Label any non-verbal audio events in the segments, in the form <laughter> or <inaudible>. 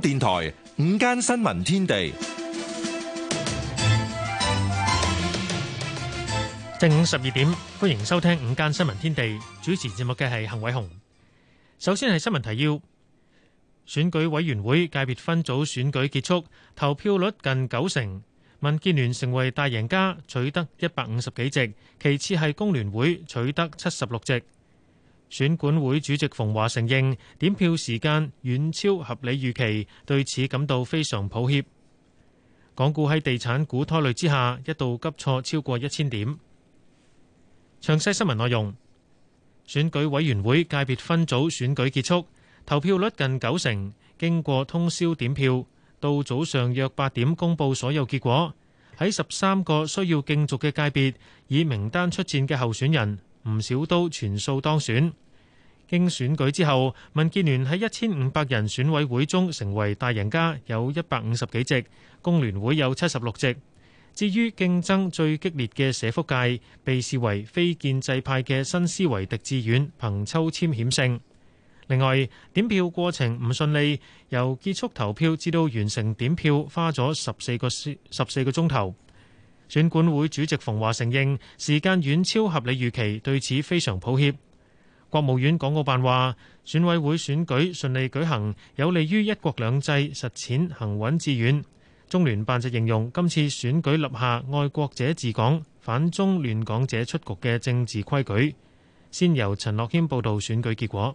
電台午間新聞天地，正午十二點，歡迎收聽午間新聞天地。主持節目嘅係幸偉雄。首先係新聞提要：選舉委員會界別分組選舉結束，投票率近九成。民建聯成為大贏家，取得一百五十幾席；其次係工聯會，取得七十六席。選管會主席馮華承認點票時間遠超合理預期，對此感到非常抱歉。港股喺地產股拖累之下，一度急挫超過一千點。詳細新聞內容：選舉委員會界別分組選舉結束，投票率近九成，經過通宵點票，到早上約八點公布所有結果。喺十三個需要競逐嘅界別，以名單出戰嘅候選人唔少都全數當選。經選舉之後，民建聯喺一千五百人選委會中成為大贏家，有一百五十幾席；工聯會有七十六席。至於競爭最激烈嘅社福界，被視為非建制派嘅新思維，狄志遠憑抽籤險勝。另外，點票過程唔順利，由結束投票至到完成點票花14 14，花咗十四個十四個鐘頭。選管會主席馮華承認時間遠超合理預期，對此非常抱歉。國務院港澳辦話選委會選舉順利舉行，有利於一國兩制實踐行穩致遠。中聯辦就形容今次選舉立下愛國者治港、反中亂港者出局嘅政治規矩。先由陳樂謙報道選舉結果。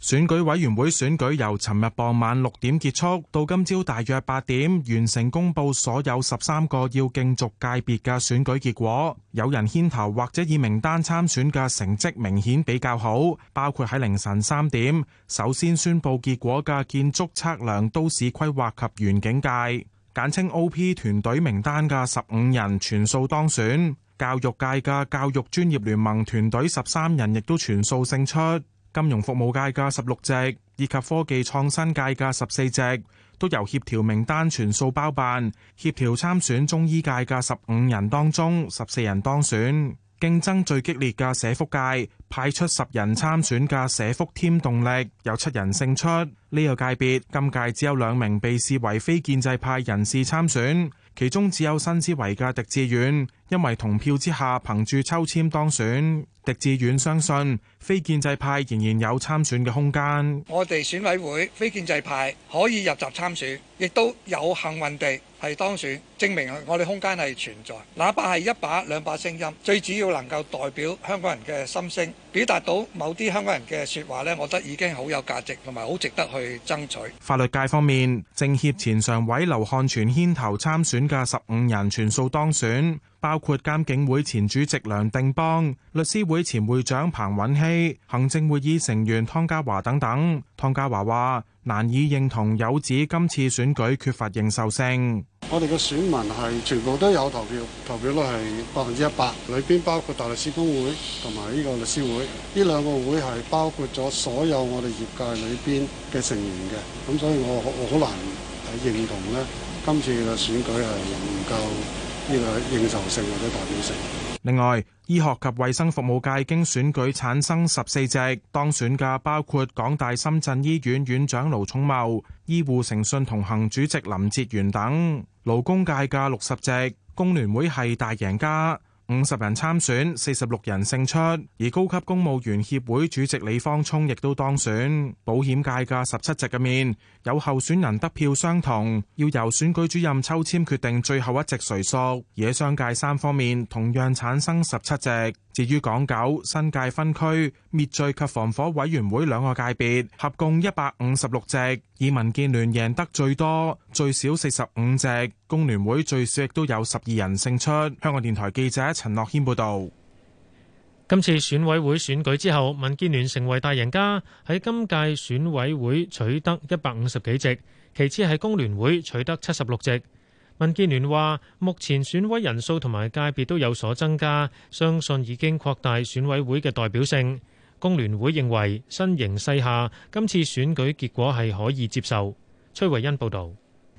選舉委員會選舉由尋日傍晚六點結束，到今朝大約八點完成公布所有十三個要競逐界別嘅選舉結果。有人牽頭或者以名單參選嘅成績明顯比較好，包括喺凌晨三點首先宣布結果嘅建築測量、都市規劃及園景界（簡稱 O.P.） 團隊名單嘅十五人全數當選。教育界嘅教育專業聯盟團隊十三人亦都全數勝出。金融服務界嘅十六席以及科技創新界嘅十四席，都由協調名單全數包辦。協調參選中醫界嘅十五人當中，十四人當選。競爭最激烈嘅社福界派出十人參選嘅社福添動力，有七人勝出。呢個界別今屆只有兩名被視為非建制派人士參選，其中只有新思維嘅狄志遠，因為同票之下憑住抽籤當選。狄志遠相信。非建制派仍然有參選嘅空間。我哋選委會非建制派可以入閘參選，亦都有幸運地係當選，證明我哋空間係存在。哪怕係一把兩把聲音，最主要能夠代表香港人嘅心聲，表達到某啲香港人嘅說話咧，我覺得已經好有價值，同埋好值得去爭取。法律界方面，政協前常委劉漢銓牽頭參選嘅十五人全數當選，包括監警會前主席梁定邦、律師會前會長彭韻僖。行政會議成員湯家驊等等，湯家驊話難以認同有指今次選舉缺乏認受性。我哋嘅選民係全部都有投票，投票率係百分之一百，裏邊包括大律師公會同埋呢個律師會，呢兩個會係包括咗所有我哋業界裏邊嘅成員嘅，咁所以我我好難認同呢今次嘅選舉係唔夠呢個認受性或者代表性。另外。醫學及衛生服務界，經選舉產生十四席，當選嘅包括港大深圳醫院院長盧寵茂、醫護誠信同行主席林哲玄等。勞工界嘅六十席，工聯會係大贏家。五十人參選，四十六人勝出，而高級公務員協會主席李方聰亦都當選。保險界嘅十七席嘅面，有候選人得票相同，要由選舉主任抽籤決定最後一席誰屬。而商界三方面同樣產生十七席。至於港九新界分區滅罪及防火委員會兩個界別合共一百五十六席，以民建聯贏得最多，最少四十五席；工聯會最少亦都有十二人勝出。香港電台記者陳樂謙報道，今次選委會選舉之後，民建聯成為大贏家，喺今屆選委會取得一百五十幾席，其次係工聯會取得七十六席。民建聯話：目前選委人數同埋界別都有所增加，相信已經擴大選委會嘅代表性。工聯會認為新形勢下今次選舉結果係可以接受。崔慧恩報道。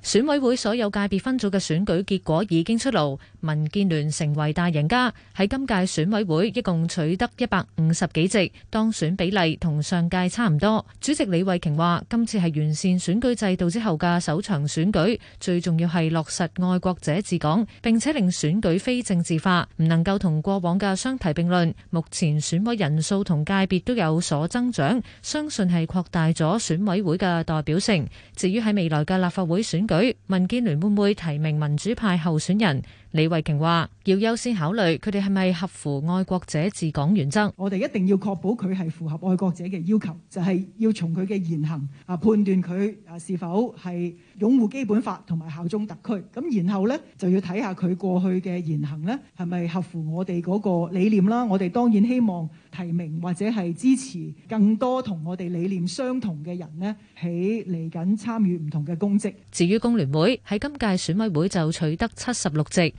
選委會所有界別分組嘅選舉結果已經出爐，民建聯成為大贏家，喺今屆選委會一共取得一百五十幾席，當選比例同上屆差唔多。主席李慧瓊話，今次係完善選舉制度之後嘅首場選舉，最重要係落實愛國者治港，並且令選舉非政治化，唔能夠同過往嘅相提並論。目前選委人數同界別都有所增長，相信係擴大咗選委會嘅代表性。至於喺未來嘅立法會選，舉民建聯會唔會提名民主派候選人？李慧瓊話：要優先考慮佢哋係咪合乎愛國者治港原則。我哋一定要確保佢係符合愛國者嘅要求，就係要從佢嘅言行啊判斷佢啊是否係擁護基本法同埋效忠特區。咁然後呢，就要睇下佢過去嘅言行呢係咪合乎我哋嗰個理念啦。我哋當然希望提名或者係支持更多同我哋理念相同嘅人呢喺嚟緊參與唔同嘅公職。至於工聯會喺今屆選委會就取得七十六席。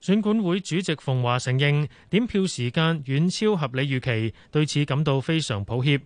選管會主席馮華承認點票時間遠超合理預期，對此感到非常抱歉。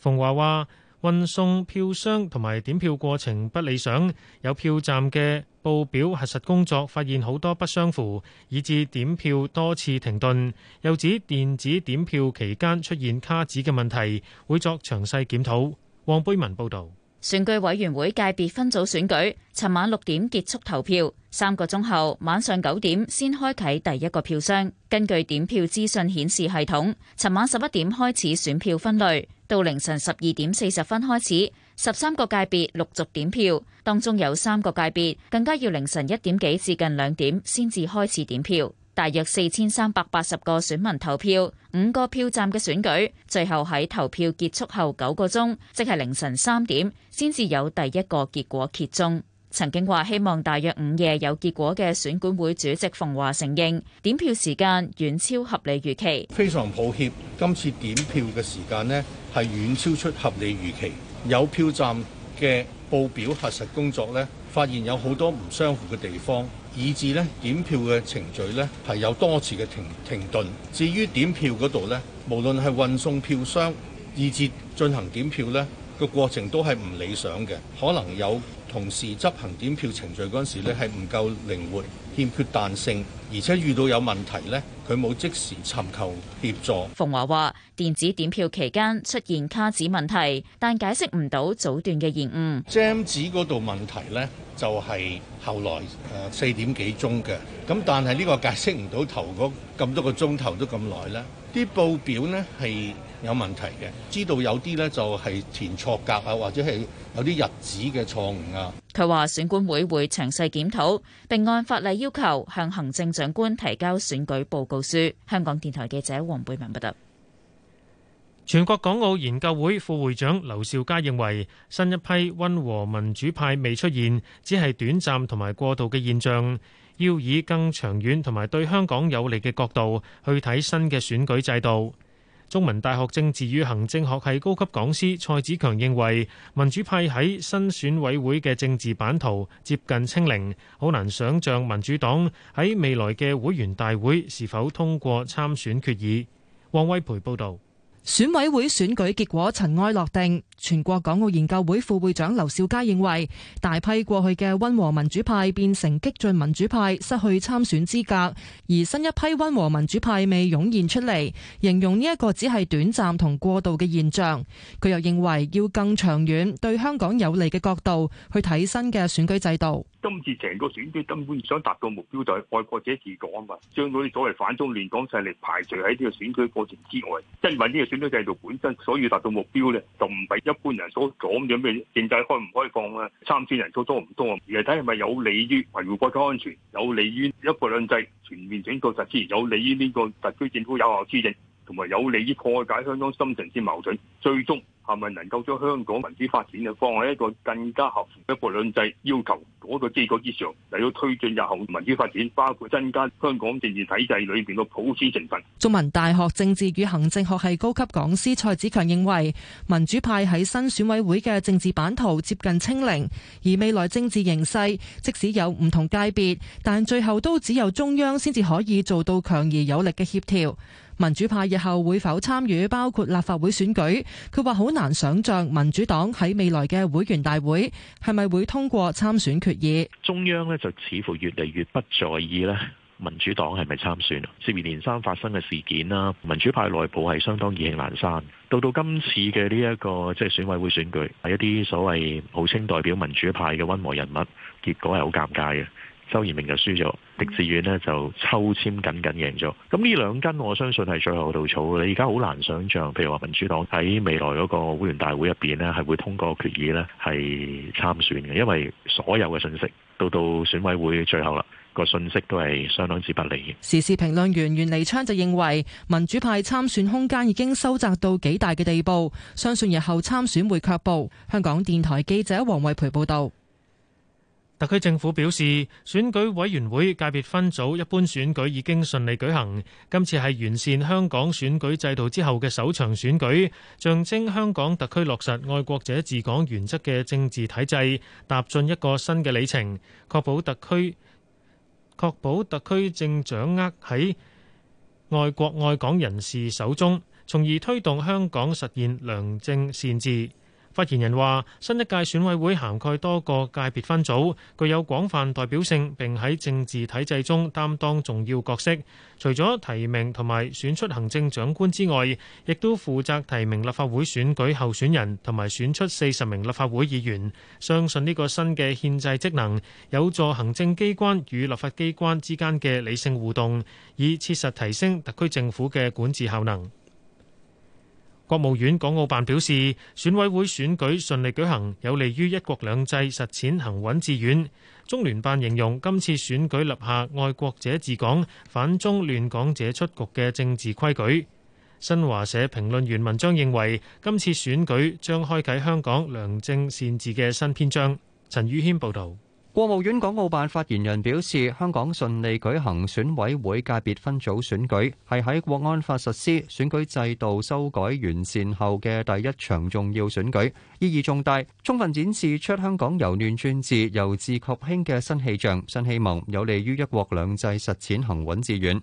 馮華話：運送票箱同埋點票過程不理想，有票站嘅報表核實工作發現好多不相符，以致點票多次停頓。又指電子點票期間出現卡紙嘅問題，會作詳細檢討。黃貝文報道。選舉委員會界別分組選舉，尋晚六點結束投票，三個鐘後晚上九點先開啟第一個票箱。根據點票資訊顯示系統，尋晚十一點開始選票分類，到凌晨十二點四十分開始，十三個界別陸續點票，當中有三個界別更加要凌晨一點幾至近兩點先至開始點票。大約四千三百八十個選民投票，五個票站嘅選舉，最後喺投票結束後九個鐘，即係凌晨三點，先至有第一個結果揭盅。曾經話希望大約午夜有結果嘅選管會主席馮華承認，點票時間遠超合理預期。非常抱歉，今次點票嘅時間呢係遠超出合理預期，有票站嘅報表、核實工作呢，發現有好多唔相符嘅地方。以至呢點票嘅程序呢係有多次嘅停停頓。至於點票嗰度呢，無論係運送票箱，以至進行點票呢個過程都係唔理想嘅。可能有同事執行點票程序嗰陣時呢係唔夠靈活，欠缺彈性，而且遇到有問題呢。佢冇即時尋求協助。馮華話：電子點票期間出現卡紙問題，但解釋唔到早段嘅延誤。Jam 紙嗰度問題咧，就係、是、後來誒四點幾鐘嘅，咁但係呢個解釋唔到頭咁多個鐘頭都咁耐啦。啲報表咧係。有問題嘅，知道有啲呢就係填錯格啊，或者係有啲日子嘅錯誤啊。佢話選管會會詳細檢討，並按法例要求向行政長官提交選舉報告書。香港電台記者黃貝文報道。全國港澳研究會副會長劉兆佳認為，新一批溫和民主派未出現，只係短暫同埋過渡嘅現象，要以更長遠同埋對香港有利嘅角度去睇新嘅選舉制度。中文大學政治與行政學系高級講師蔡子強認為，民主派喺新選委會嘅政治版圖接近清零，好難想像民主黨喺未來嘅會員大會是否通過參選決議。汪威培報導。選委會選舉結果塵埃落定，全國港澳研究會副會長劉兆佳認為，大批過去嘅溫和民主派變成激進民主派，失去參選資格，而新一批溫和民主派未湧現出嚟，形容呢一個只係短暫同過渡嘅現象。佢又認為要更長遠對香港有利嘅角度去睇新嘅選舉制度。今次成個選舉根本想達到目標就係愛國者治港啊嘛，將嗰啲所謂反中亂港勢力排除喺呢個選舉過程之外，因為呢個。選舉制度本身所以達到目標咧，就唔係一般人所講嘅咩政制開唔開放啊，參選人數多唔多啊，而係睇係咪有利於維護國家安全，有利於一國兩制全面整個實施，有利於呢個特區政府有效施政，同埋有利於破解香港深層次矛盾，最終。係咪能夠將香港民主發展嘅放喺一個更加合符一國兩制要求嗰，那個基礎之上，嚟到推進日後民主發展，包括增加香港政治體制裏邊嘅普選成分？中文大學政治與行政學系高級講師蔡子強認為，民主派喺新選委會嘅政治版圖接近清零，而未來政治形勢即使有唔同界別，但最後都只有中央先至可以做到強而有力嘅協調。民主派日後會否參與包括立法會選舉。佢話好難想像民主黨喺未來嘅會員大會係咪會通過參選決議。中央呢就似乎越嚟越不在意呢民主黨係咪參選啊。接二連三發生嘅事件啦，民主派內部係相當意興闌珊。到到今次嘅呢一個即係、就是、選委會選舉，係一啲所謂號稱代表民主派嘅溫和人物，結果係好尷尬嘅。周延明就輸咗。劉志遠呢就抽籤僅僅贏咗，咁呢兩根我相信係最後稻草。你而家好難想像，譬如話民主黨喺未來嗰個會員大會入邊呢，係會通過決議呢，係參選嘅，因為所有嘅信息到到選委會最後啦，個信息都係相當之不利嘅。時事評論員袁彌昌就認為，民主派參選空間已經收窄到幾大嘅地步，相信日後參選會卻步。香港電台記者黃慧培報道。特區政府表示，選舉委員會界別分組一般選舉已經順利舉行。今次係完善香港選舉制度之後嘅首場選舉，象徵香港特區落實愛國者治港原則嘅政治體制踏進一個新嘅里程，確保特區確保特區正掌握喺愛國愛港人士手中，從而推動香港實現良政善治。發言人話：新一屆選委會涵蓋多個界別分組，具有廣泛代表性，並喺政治體制中擔當重要角色。除咗提名同埋選出行政長官之外，亦都負責提名立法會選舉候選人同埋選出四十名立法會議員。相信呢個新嘅憲制職能有助行政機關與立法機關之間嘅理性互動，以切實提升特區政府嘅管治效能。國務院港澳辦表示，選委會選舉順利舉行，有利於一國兩制實踐行穩致遠。中聯辦形容今次選舉立下愛國者治港、反中亂港者出局嘅政治規矩。新華社評論員文章認為，今次選舉將開啟香港良政善治嘅新篇章。陳宇謙報道。國務院港澳辦發言人表示，香港順利舉行選委會界別分組選舉，係喺國安法實施、選舉制度修改完善後嘅第一場重要選舉，意義重大，充分展示出香港由亂轉治、由治向興嘅新氣象、新希望，有利於一國兩制實踐行穩致遠。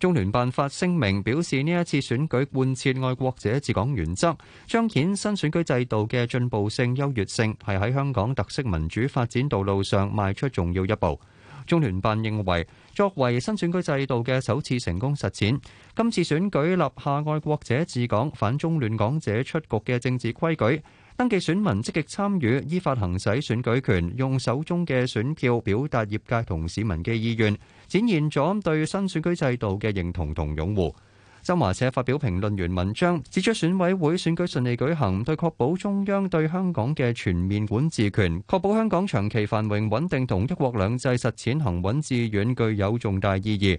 中聯辦發聲明表示，呢一次選舉貫徹愛國者治港原則，彰顯新選舉制度嘅進步性、優越性，係喺香港特色民主發展道路上邁出重要一步。中聯辦認為，作為新選舉制度嘅首次成功實踐，今次選舉立下愛國者治港、反中亂港者出局嘅政治規矩。登記選民積極參與，依法行使選舉權，用手中嘅選票表達業界同市民嘅意願，展現咗對新選舉制度嘅認同同擁護。新華社發表評論員文章，指出選委會選舉順利舉行，對確保中央對香港嘅全面管治權，確保香港長期繁榮穩定同一國兩制實踐行穩致遠，具有重大意義。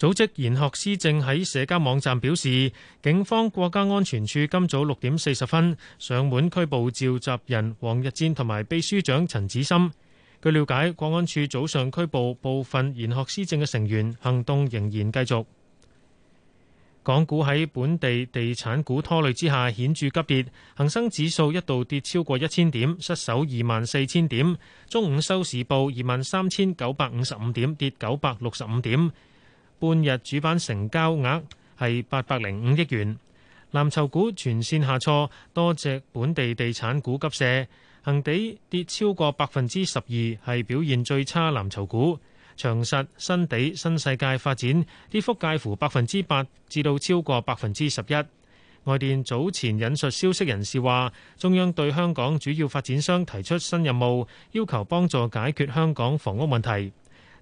組織賢學思政喺社交網站表示，警方國家安全處今早六點四十分上門拘捕，拘捕召集人王逸戰同埋秘書長陳枳森。據了解，國安處早上拘捕部分賢學思政嘅成員，行動仍然繼續。港股喺本地地產股拖累之下顯著急跌，恒生指數一度跌超過一千點，失守二萬四千點。中午收市報二萬三千九百五十五點，跌九百六十五點。半日主板成交額係八百零五億元，藍籌股全線下挫，多隻本地地產股急瀉，恒地跌超過百分之十二，係表現最差藍籌股。長實、新地、新世界發展跌幅介乎百分之八至到超過百分之十一。外電早前引述消息人士話，中央對香港主要發展商提出新任務，要求幫助解決香港房屋問題。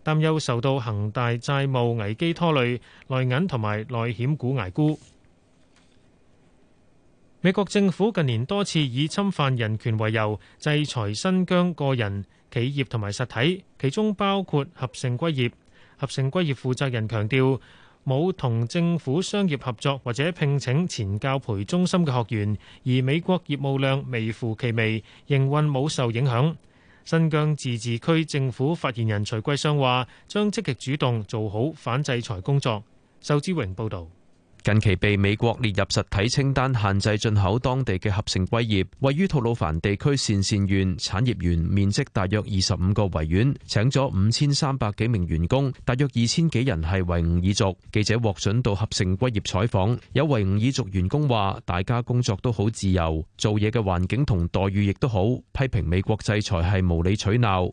擔憂受到恒大債務危機拖累，內銀同埋內險股挨沽。美國政府近年多次以侵犯人權為由制裁新疆個人、企業同埋實體，其中包括合盛硅業。合盛硅業負責人強調，冇同政府商業合作或者聘請前教培中心嘅學員，而美國業務量微乎其微，營運冇受影響。新疆自治區政府發言人徐桂湘話：將積極主動做好反制裁工作。仇之榮報導。近期被美國列入實體清單，限制進口當地嘅合成硅業，位於吐魯番地區鄯善縣產業園，面積大約二十五個維園，請咗五千三百幾名員工，大約二千幾人係維吾爾族。記者獲准到合成硅業採訪，有維吾爾族員工話：大家工作都好自由，做嘢嘅環境同待遇亦都好，批評美國制裁係無理取鬧。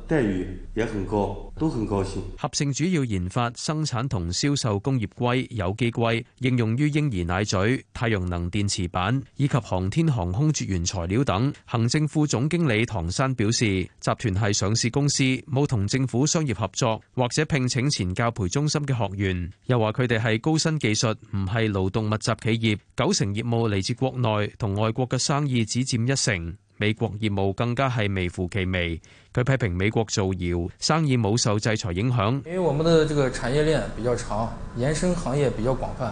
待遇也很高，都很高興。合盛主要研發、生產同銷售工業硅、有機硅，應用於嬰兒奶嘴、太陽能電池板以及航天航空絕緣材料等。行政副總經理唐山表示，集團係上市公司，冇同政府商業合作或者聘請前教培中心嘅學員。又話佢哋係高新技術，唔係勞動密集企業。九成業務嚟自國內，同外國嘅生意只佔一成。美國業務更加係微乎其微，佢批評美國造謠，生意冇受制裁影響。因為我們的這個產業鏈比較長，延伸行業比較廣泛。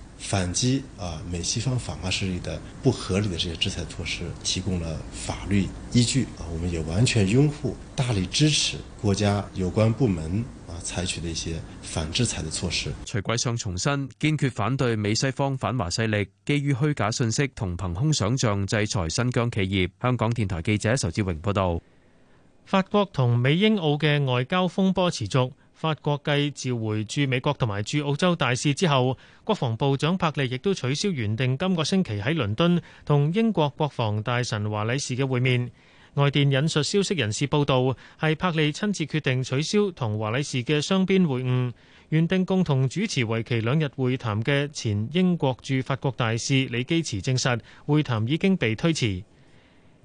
反擊啊美西方反華勢力的不合理的這些制裁措施提供了法律依據啊，我們也完全擁護，大力支持國家有關部門啊採取的一些反制裁的措施。徐桂尚重申，堅決反對美西方反華勢力基於虛假信息同憑空想象制裁新疆企業。香港電台記者仇志榮報道。法國同美英澳嘅外交風波持續。法國繼召回駐美國同埋駐澳洲大使之後，國防部長柏利亦都取消原定今個星期喺倫敦同英國國防大臣華禮士嘅會面。外電引述消息人士報道，係柏利親自決定取消同華禮士嘅雙邊會晤。原定共同主持為期兩日會談嘅前英國駐法國大使李基慈證實，會談已經被推遲。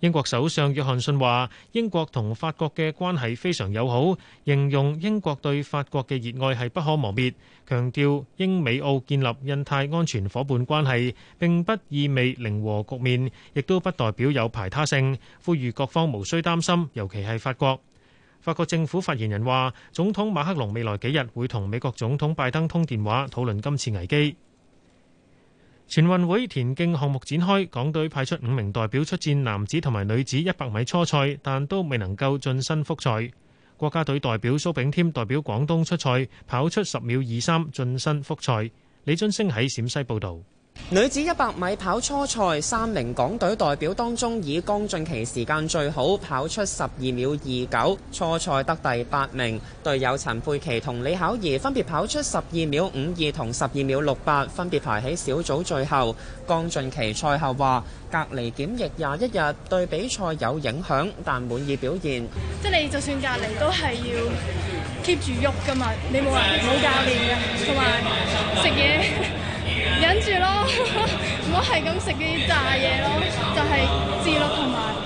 英國首相約翰遜話：英國同法國嘅關係非常友好，形容英國對法國嘅熱愛係不可磨滅。強調英美澳建立印太安全夥伴關係，並不意味零和局面，亦都不代表有排他性。呼籲各方無需擔心，尤其係法國。法國政府發言人話：總統馬克龍未來幾日會同美國總統拜登通電話，討論今次危機。全運會田徑項目展開，港隊派出五名代表出戰男子同埋女子一百米初賽，但都未能夠晉身複賽。國家隊代表蘇炳添代表廣東出賽，跑出十秒二三晉身複賽。李俊升喺陝西報道。女子一百米跑初賽，三名港隊代表當中，以江俊琪時間最好，跑出十二秒二九，初賽得第八名。隊友陳佩琪同李巧儀分別跑出十二秒五二同十二秒六八，分別排喺小組最後。江俊琪賽後話：隔離檢疫廿一日對比賽有影響，但滿意表現。即係你就算隔離都係要 keep 住喐噶嘛，你冇話冇教練嘅，同埋食嘢。 <laughs> 忍住咯，唔好係咁食啲炸嘢咯，就係自律同埋。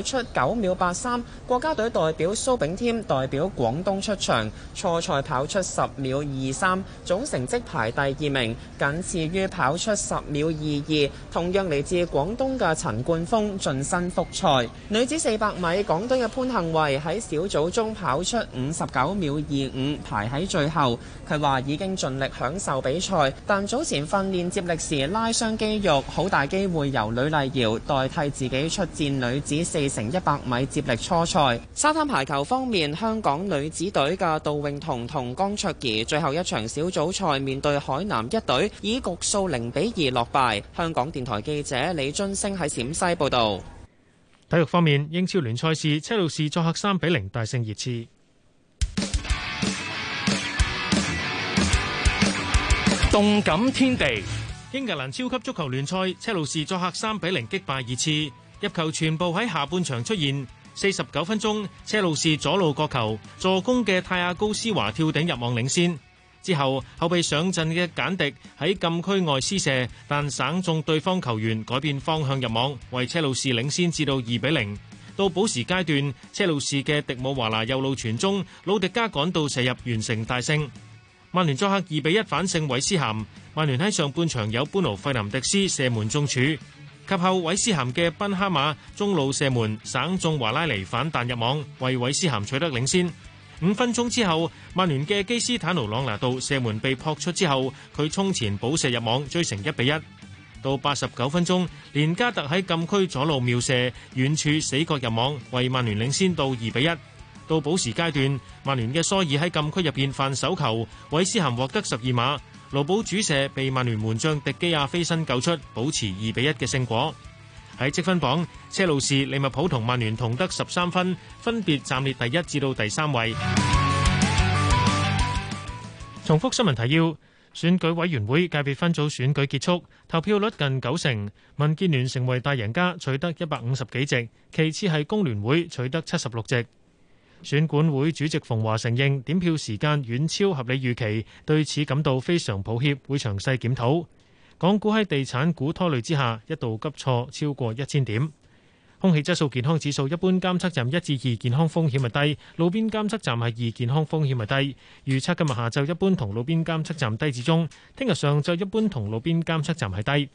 跑出九秒八三，國家隊代表蘇炳添代表廣東出場，初賽跑出十秒二三，總成績排第二名，僅次於跑出十秒二二，同樣嚟自廣東嘅陳冠峰晉身複賽。女子四百米，廣東嘅潘幸慧喺小組中跑出五十九秒二五，排喺最後。佢話已經盡力享受比賽，但早前訓練接力時拉傷肌肉，好大機會由呂麗瑤代替自己出戰女子四，成一百米接力初賽，沙灘排球方面，香港女子隊嘅杜泳彤同江卓兒最後一場小組賽面對海南一隊，以局數零比二落敗。香港電台記者李津星喺陝西報道。體育方面，英超聯賽事車路士作客三比零大勝熱刺。動感天地，英格蘭超級足球聯賽，車路士作客三比零擊敗熱刺。入球全部喺下半場出現，四十九分鐘，車路士左路角球助攻嘅泰亞高斯華跳頂入網領先。之後，後備上陣嘅簡迪喺禁區外施射，但省中對方球員改變方向入網，為車路士領先至到二比零。到補時階段，車路士嘅迪姆華拿右路傳中，魯迪加趕到射入完成大勝。曼聯作客二比一反勝韋斯咸。曼聯喺上半場有般奴費南迪斯射門中柱。及後，韋斯咸嘅賓哈馬中路射門，省中華拉尼反彈入網，為韋斯咸取得領先。五分鐘之後，曼聯嘅基斯坦奴朗拿度射門被撲出之後，佢衝前補射入網，追成一比一。到八十九分鐘，連加特喺禁區左路妙射，遠處死角入網，為曼聯領先到二比一。到補時階段，曼聯嘅蘇爾喺禁區入邊犯手球，韋斯咸獲得十二碼。盧保主射被曼聯門將迪基亞飛身救出，保持二比一嘅勝果。喺積分榜，車路士、利物浦同曼聯同得十三分，分別暫列第一至到第三位。重複新聞提要：選舉委員會界別分組選舉結束，投票率近九成，民建聯成為大贏家，取得一百五十幾席，其次係工聯會取得七十六席。選管會主席馮華承認點票時間遠超合理預期，對此感到非常抱歉，會詳細檢討。港股喺地產股拖累之下，一度急挫超過一千點。空氣質素健康指數，一般監測站一至二，健康風險係低，路邊監測站係二，健康風險係低。預測今日下晝一般同路邊監測站低至中，聽日上晝一般同路邊監測站係低。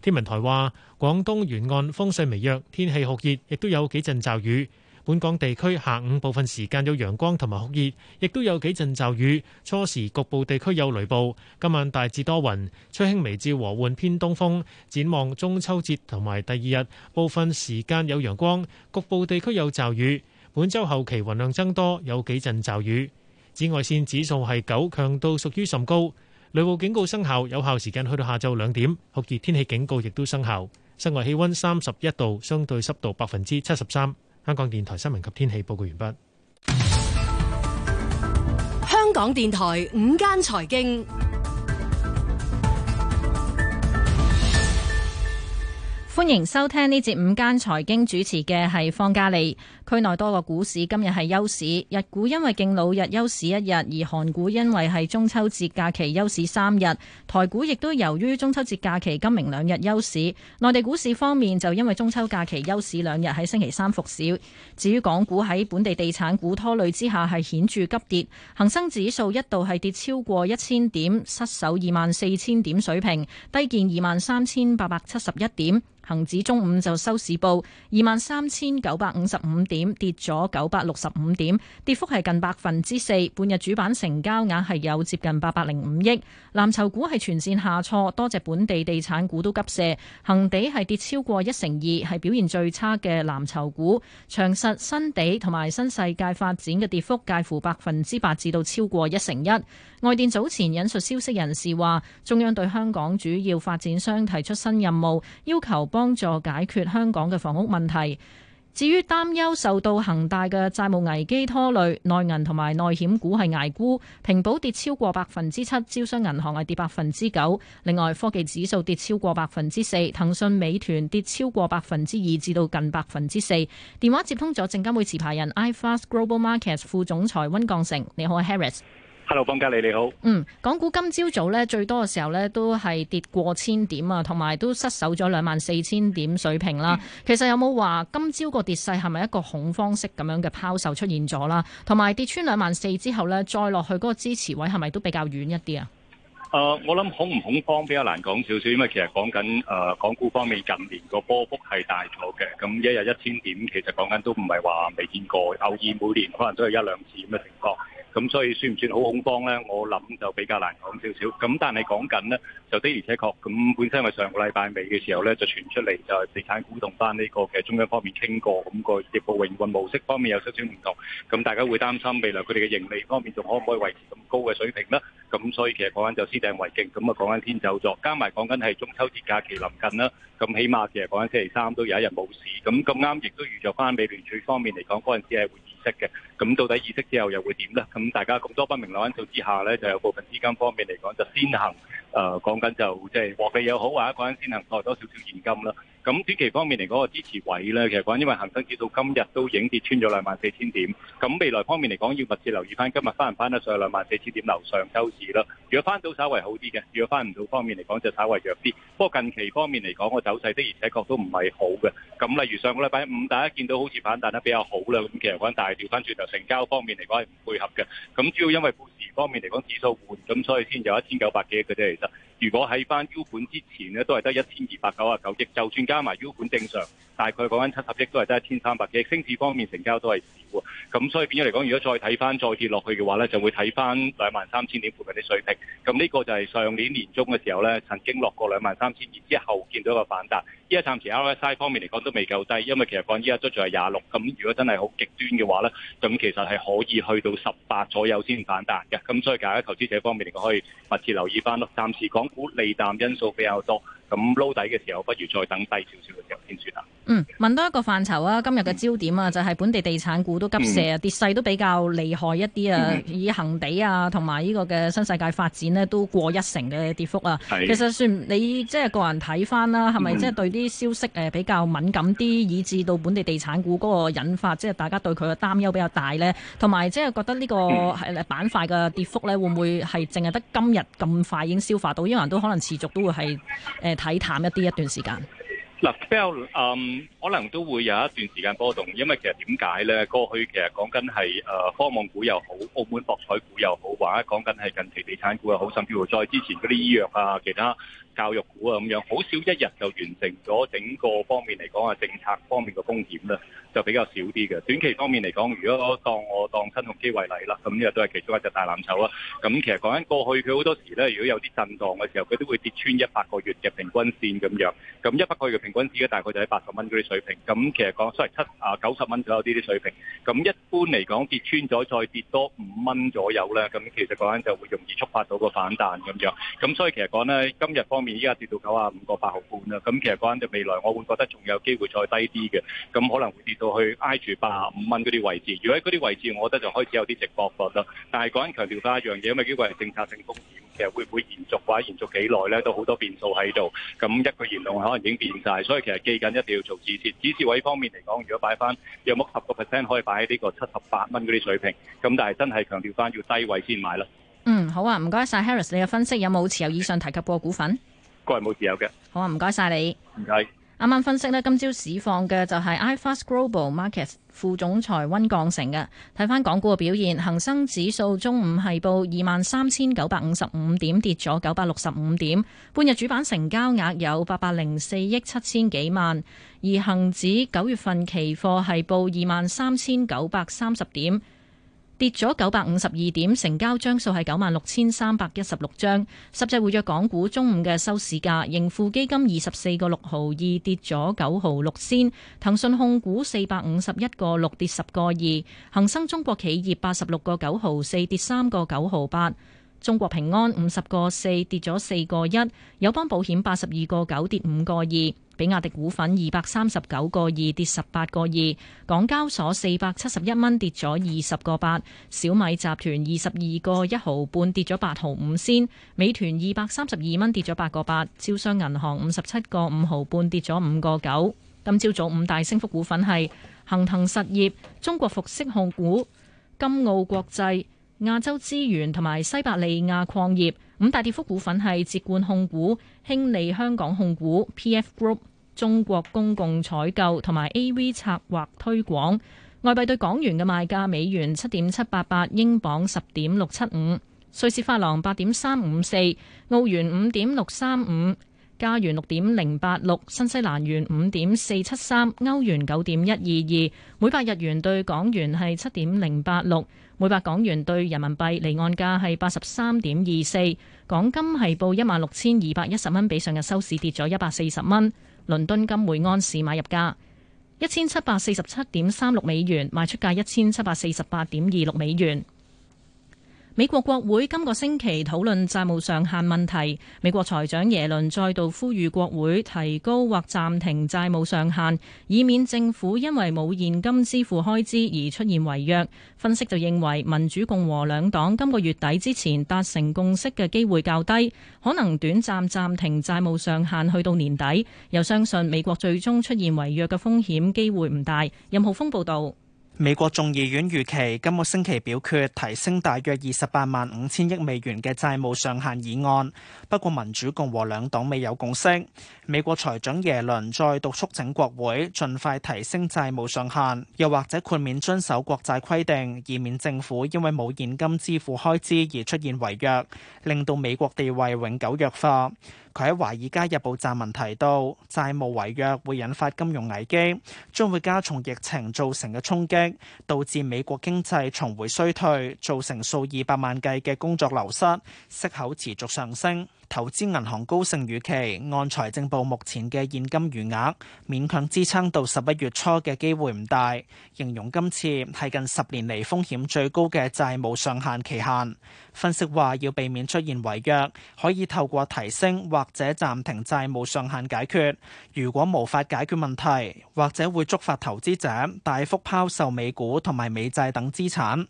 天文台話，廣東沿岸風勢微弱，天氣酷熱，亦都有幾陣驟雨。本港地區下午部分時間有陽光，同埋酷熱，亦都有幾陣驟雨。初時局部地區有雷暴。今晚大致多雲，吹輕微至和緩偏東風。展望中秋節同埋第二日，部分時間有陽光，局部地區有驟雨。本周後期雲量增多，有幾陣驟雨。紫外線指數係九，強度屬於甚高。雷暴警告生效，有效時間去到下晝兩點。酷熱天氣警告亦都生效。室外氣溫三十一度，相對濕度百分之七十三。香港電台新聞及天氣報告完畢。香港電台午間財經，歡迎收聽呢節午間財經主持，嘅係方嘉莉。區內多個股市今日係休市，日股因為敬老日休市一日，而韓股因為係中秋節假期休市三日，台股亦都由於中秋節假期今明兩日休市。內地股市方面就因為中秋假期休市兩日，喺星期三復市。至於港股喺本地地產股拖累之下係顯著急跌，恒生指數一度係跌超過一千點，失守二萬四千點水平，低見二萬三千八百七十一點。恒指中午就收市報二萬三千九百五十五點，點跌咗九百六十五點，跌幅係近百分之四。半日主板成交額係有接近八百零五億。藍籌股係全綫下挫，多隻本地地產股都急瀉。恒地係跌超過一成二，係表現最差嘅藍籌股。長實、新地同埋新世界發展嘅跌幅介乎百分之八至到超過一成一。外電早前引述消息人士話，中央對香港主要發展商提出新任務，要求幫助解決香港嘅房屋問題。至於擔憂受到恒大嘅債務危機拖累，內銀同埋內險股係捱沽，平保跌超過百分之七，招商銀行係跌百分之九。另外，科技指數跌超過百分之四，騰訊、美團跌超過百分之二至到近百分之四。電話接通咗證監會持牌人 iFast Global Markets 副總裁温鋼成，你好啊，Harris。Hello，方家利你好。嗯，港股今朝早咧最多嘅時候咧都係跌過千點啊，同埋都失守咗兩萬四千點水平啦。嗯、其實有冇話今朝個跌勢係咪一個恐慌式咁樣嘅拋售出現咗啦？同埋跌穿兩萬四之後咧再落去嗰個支持位係咪都比較遠一啲啊？誒、呃，我諗恐唔恐慌比較難講少少，因為其實講緊誒港股方面近年個波幅係大咗嘅，咁一日一千點其實講緊都唔係話未見過，偶爾每年可能都係一兩次咁嘅情況。咁所以算唔算好恐慌咧？我諗就比較難講少少。咁但係講緊呢，就的而且確咁本身，因為上個禮拜尾嘅時候咧，就傳出嚟就係地產股同翻呢、這個嘅中央方面傾過，咁、那個業務營運模式方面有少少唔同。咁大家會擔心未來佢哋嘅盈利方面仲可唔可以維持咁高嘅水平咧？咁所以其實講緊就施政維勁，咁啊講緊天走咗，加埋講緊係中秋節假期臨近啦。咁起碼其實講緊星期三都有一日冇事。咁咁啱亦都預咗翻美聯儲方面嚟講，嗰陣時係會議息嘅。咁到底意識之後又會點呢？咁大家咁多不明朗因素之下咧，就有部分資金方面嚟講就先行誒講緊就即係獲利又好，或者講緊先行攞多少少現金啦。咁短期方面嚟講個支持位咧，其實講因為恒生指數今日都已經跌穿咗兩萬四千點，咁未來方面嚟講要密切留意翻今日翻唔翻得上兩萬四千點樓上收市啦。如果翻到稍為好啲嘅，如果翻唔到方面嚟講就稍為弱啲。不過近期方面嚟講個走勢的而且確都唔係好嘅。咁例如上個禮拜五大家見到好似反彈得比較好啦，咁其實講大係調翻轉就。成交方面嚟講係唔配合嘅，咁主要因為股市方面嚟講指數換咁，所以先有一千九百幾億嘅啫。其實如果喺翻 U 盤之前呢，都係得一千二百九啊九億。就算加埋 U 盤正常，大概講緊七十億都係得一千三百幾億。升市方面成交都係少，咁所以變咗嚟講，如果再睇翻再跌落去嘅話呢，就會睇翻兩萬三千點附近啲水平。咁呢個就係上年年中嘅時候呢，曾經落過兩萬三千，然之後見到一個反彈。依家暫時 RSI 方面嚟講都未夠低，因為其實講依家都仲係廿六。咁如果真係好極端嘅話呢。其實係可以去到十八左右先反彈嘅，咁所以大家投資者方面嚟講，可以密切留意翻咯。暫時港股利淡因素比較多。咁撈底嘅時候，不如再等低少少嘅時候先算啦。嗯，問多一個範疇啊，今日嘅焦點啊，嗯、就係本地地產股都急瀉啊，嗯、跌勢都比較厲害一啲啊，嗯、以恒地啊同埋呢個嘅新世界發展呢，都過一成嘅跌幅啊。是其實算你即係、就是、個人睇返啦，係咪即係對啲消息誒比較敏感啲，以致到本地地產股嗰個引發，即係大家對佢嘅擔憂比較大呢？同埋即係覺得呢個係板塊嘅跌幅呢，會唔會係淨係得今日咁快已經消化到，因為人都可能持續都會係誒。呃呃呃呃呃呃呃呃睇淡一啲一段時間。可能都會有一段時間波動，因為其實點解呢？過去其實講緊係誒科網股又好，澳門博彩股又好，或者講緊係近期地產股又好，甚至乎再之前嗰啲醫藥啊、其他教育股啊咁樣，好少一日就完成咗整個方面嚟講啊政策方面嘅風險啦，就比較少啲嘅。短期方面嚟講，如果當我當新鴻基為例啦，咁呢個都係其中一隻大藍籌啦。咁其實講緊過去佢好多時呢，如果有啲震盪嘅時候，佢都會跌穿一百個月嘅平均線咁樣。咁一百個月嘅平均線呢，大概就喺八十蚊水平咁，其實講，所謂七啊九十蚊左右呢啲水平，咁一般嚟講跌穿咗，再跌多五蚊左右咧，咁其實嗰陣就會容易觸發到個反彈咁樣，咁所以其實講咧，今日方面依家跌到九啊五個八毫半啦，咁其實講緊就未來我會覺得仲有機會再低啲嘅，咁可能會跌到去挨住八啊五蚊嗰啲位置。如果喺嗰啲位置，我覺得就開始有啲值博貨啦。但係講緊強調翻一樣嘢，因為呢個係政策性風險，其實會唔會延續嘅話，或者延續幾耐咧都好多變數喺度。咁一個言論可能已經變晒。所以其實記緊一定要做指示位方面嚟講，如果擺翻有冇十個 percent 可以擺喺呢個七十八蚊嗰啲水平，咁但係真係強調翻要低位先買啦。嗯，好啊，唔該晒。Harris，你嘅分析有冇持有以上提及過股份？個係冇持有嘅。好啊，唔該晒你。唔該。啱啱分析呢今朝市況嘅就係 iFast Global Markets 副總裁溫鋼成嘅。睇翻港股嘅表現，恒生指數中午係報二萬三千九百五十五點，跌咗九百六十五點。半日主板成交額有八百零四億七千幾萬，而恒指九月份期貨係報二萬三千九百三十點。跌咗九百五十二點，成交張數係九萬六千三百一十六張。十隻活躍港股中午嘅收市價，盈富基金二十四個六毫二跌咗九毫六仙，騰訊控股四百五十一個六跌十個二，恒生中國企業八十六個九毫四跌三個九毫八，中國平安五十個四跌咗四個一，友邦保險八十二個九跌五個二。比亞迪股份二百三十九個二跌十八個二，港交所四百七十一蚊跌咗二十個八，小米集團二十二個一毫半跌咗八毫五仙，美團二百三十二蚊跌咗八個八，招商銀行五十七個五毫半跌咗五個九。今朝早五大升幅股份係恒騰實業、中國服飾控股、金奧國際、亞洲資源同埋西伯利亞礦業。五大跌幅股份係浙冠控股、興利香港控股、P.F.Group、中國公共採購同埋 A.V. 策劃推廣。外幣對港元嘅賣價：美元七點七八八，英鎊十點六七五，瑞士法郎八點三五四，澳元五點六三五，加元六點零八六，新西蘭元五點四七三，歐元九點一二二，每百日元對港元係七點零八六。每百港元兌人民幣離岸價係八十三點二四，港金係報一萬六千二百一十蚊，比上日收市跌咗一百四十蚊。倫敦金每安士買入價一千七百四十七點三六美元，賣出價一千七百四十八點二六美元。美國國會今個星期討論債務上限問題，美國財長耶倫再度呼籲國會提高或暫停債務上限，以免政府因為冇現金支付開支而出現違約。分析就認為民主共和兩黨今個月底之前達成共識嘅機會較低，可能短暫暫停債務上限去到年底。又相信美國最終出現違約嘅風險機會唔大。任浩峰報道。美國眾議院預期今個星期表決提升大約二十八萬五千億美元嘅債務上限議案，不過民主共和兩黨未有共識。美國財長耶倫再度促請國會盡快提升債務上限，又或者豁免遵守國債規定，以免政府因為冇現金支付開支而出現違約，令到美國地位永久弱化。佢喺《華爾街日報》撰文提到，債務違約會引發金融危機，將會加重疫情造成嘅衝擊，導致美國經濟重回衰退，造成數以百萬計嘅工作流失，息口持續上升。投資銀行高盛預期，按財政部目前嘅現金餘額，勉強支撐到十一月初嘅機會唔大，形容今次係近十年嚟風險最高嘅債務上限期限。分析話要避免出現違約，可以透過提升或者暫停債務上限解決。如果無法解決問題，或者會觸發投資者大幅拋售美股同埋美債等資產。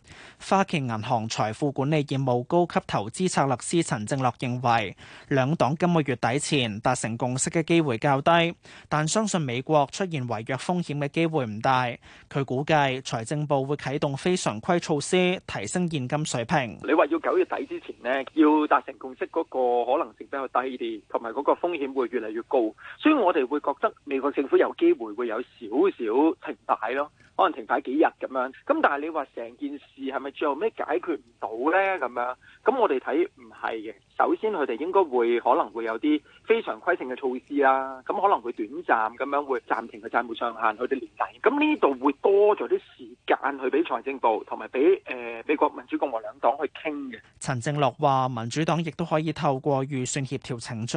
花旗銀行財富管理業務高級投資策略師陳正樂認為。兩黨今個月底前達成共識嘅機會較低，但相信美國出現違約風險嘅機會唔大。佢估計財政部會啟動非常規措施提升現金水平。你話要九月底之前呢，要達成共識嗰個可能性比較低啲，同埋嗰個風險會越嚟越高。所以我哋會覺得美國政府有機會會有少少停擺咯，可能停擺幾日咁樣。咁但係你話成件事係咪最後咩解決唔到呢？咁樣咁我哋睇唔係嘅。首先佢哋應該會可能會有啲非常規定嘅措施啦、啊，咁可能會短暫咁樣會暫停個債務上限，佢哋聯繫，咁呢度會多咗啲時間去俾財政部同埋俾誒美國民主共和兩黨去傾嘅。陳正樂話：民主黨亦都可以透過預算協調程序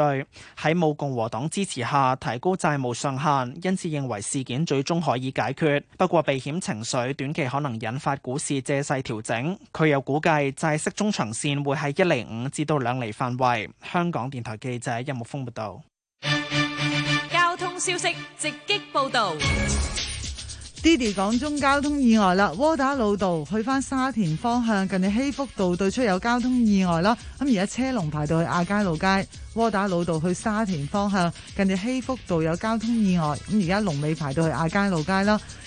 喺冇共和黨支持下提高債務上限，因此認為事件最終可以解決。不過避險情緒短期可能引發股市借勢調整。佢又估計債息中長線會喺一釐五至到兩釐。範圍，香港電台記者任木峰報道。交通消息直擊報道。呢度講中交通意外啦，窩打老道去翻沙田方向，近住希福道對出有交通意外啦。咁而家車龍排到去亞皆老街，窩打老道去沙田方向，近住希福道有交通意外。咁而家龍尾排到去亞皆老街啦。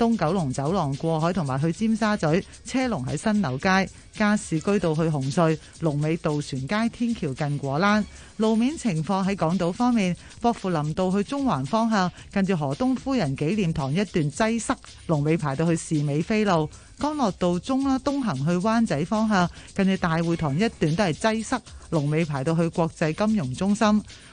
東九龍走廊過海同埋去尖沙咀車龍喺新柳街、加士居道去紅隧，龍尾渡船街天橋近果欄。路面情況喺港島方面，薄扶林道去中環方向，近住何東夫人紀念堂一段擠塞，龍尾排到去士美菲路；干諾道中啦，東行去灣仔方向，近住大會堂一段都係擠塞，龍尾排到去國際金融中心；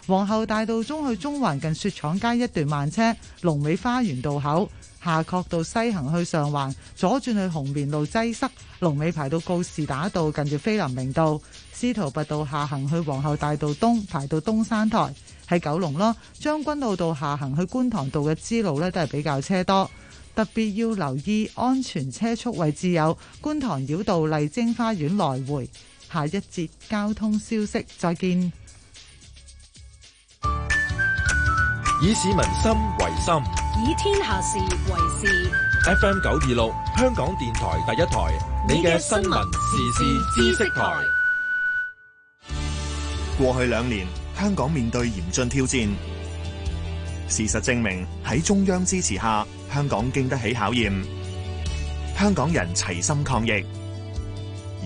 皇后大道中去中環近雪廠街一段慢車，龍尾花園道口；夏慤道西行去上環，左轉去紅棉路擠塞，龍尾排到告士打道近住菲林明道。司徒拔道下行去皇后大道東，排到東山台喺九龍咯，將軍澳道下行去觀塘道嘅支路咧，都係比較車多。特別要留意安全車速位置有觀塘繞道麗晶花園來回。下一節交通消息，再見。以市民心為心，以天下事為事。FM 九二六，香港電台第一台，你嘅新聞時事、事知識台。過去兩年，香港面對嚴峻挑戰。事實證明，喺中央支持下，香港經得起考驗。香港人齊心抗疫，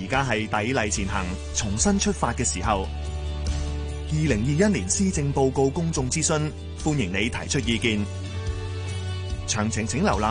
而家係砥礪前行、重新出發嘅時候。二零二一年施政報告公眾諮詢，歡迎你提出意見。詳情請瀏覽。